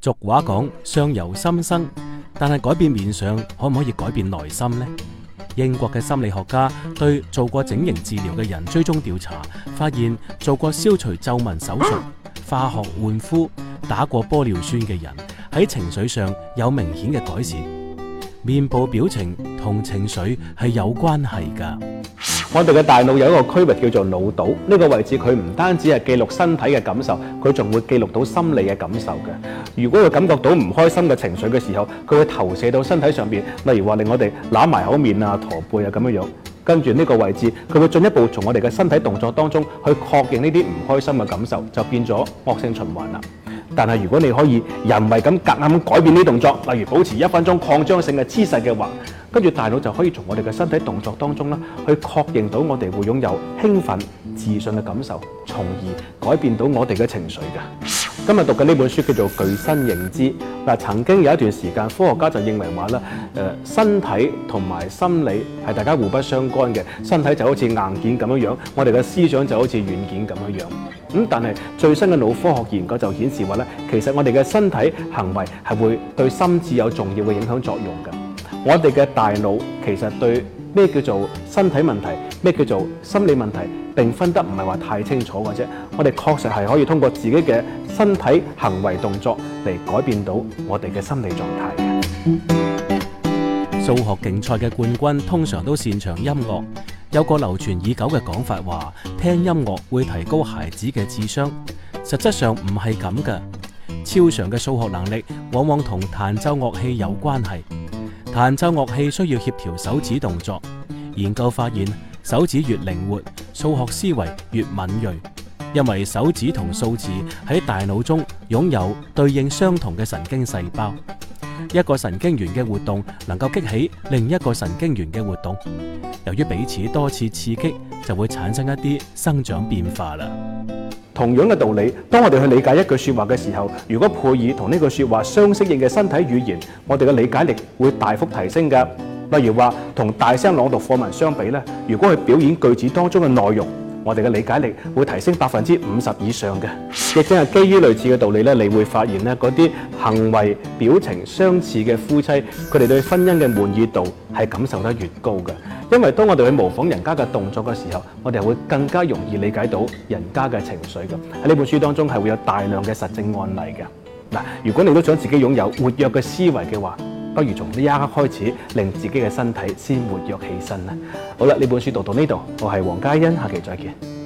俗話講，相由心生，但係改變面相可唔可以改變內心呢？英國嘅心理學家對做過整形治療嘅人追蹤調查，發現做過消除皺紋手術、化學換膚、打過玻尿酸嘅人喺情緒上有明顯嘅改善。面部表情同情緒係有關係噶。我哋嘅大腦有一個區域叫做腦島，呢個位置佢唔單止係記錄身體嘅感受，佢仲會記錄到心理嘅感受嘅。如果佢感覺到唔開心嘅情緒嘅時候，佢會投射到身體上邊，例如話令我哋攬埋口面啊、駝背啊咁樣樣。跟住呢個位置，佢會進一步從我哋嘅身體動作當中去確認呢啲唔開心嘅感受，就變咗惡性循環啦。但係如果你可以人為咁夾硬改變呢啲動作，例如保持一分鐘擴張性嘅姿勢嘅話，跟住，大腦就可以從我哋嘅身體動作當中啦，去確認到我哋會擁有興奮自信嘅感受，從而改變到我哋嘅情緒嘅。今日讀嘅呢本書叫做《具身認知》。嗱、呃，曾經有一段時間科學家就認為話，咧，誒，身體同埋心理係大家互不相干嘅，身體就好似硬件咁樣樣，我哋嘅思想就好似軟件咁樣樣。咁、嗯、但係最新嘅腦科學研究就顯示話咧，其實我哋嘅身體行為係會對心智有重要嘅影響作用嘅。我哋嘅大腦其實對咩叫做身體問題，咩叫做心理問題，並分得唔係話太清楚嘅啫。我哋確實係可以通過自己嘅身體行為動作嚟改變到我哋嘅心理狀態嘅。數學競賽嘅冠軍通常都擅長音樂。有個流傳已久嘅講法話，聽音樂會提高孩子嘅智商，實質上唔係咁嘅。超常嘅數學能力往往同彈奏樂器有關係。彈奏樂器需要協調手指動作。研究發現，手指越靈活，數學思維越敏銳，因為手指同數字喺大腦中擁有對應相同嘅神經細胞。一個神經元嘅活動能夠激起另一個神經元嘅活動，由於彼此多次刺激，就會產生一啲生長變化啦。同樣嘅道理，當我哋去理解一句説話嘅時候，如果配以同呢句説話相適應嘅身體語言，我哋嘅理解力會大幅提升嘅。例如話，同大聲朗讀課文相比咧，如果去表演句子當中嘅內容。我哋嘅理解力會提升百分之五十以上嘅，亦即係基於類似嘅道理咧，你會發現咧嗰啲行為表情相似嘅夫妻，佢哋對婚姻嘅滿意度係感受得越高嘅。因為當我哋去模仿人家嘅動作嘅時候，我哋會更加容易理解到人家嘅情緒嘅。喺呢本書當中係會有大量嘅實證案例嘅。嗱，如果你都想自己擁有活躍嘅思維嘅話，不如從呢一刻開始，令自己嘅身體先活躍起身啦。好啦，呢本書讀到呢度，我係黃嘉欣，下期再見。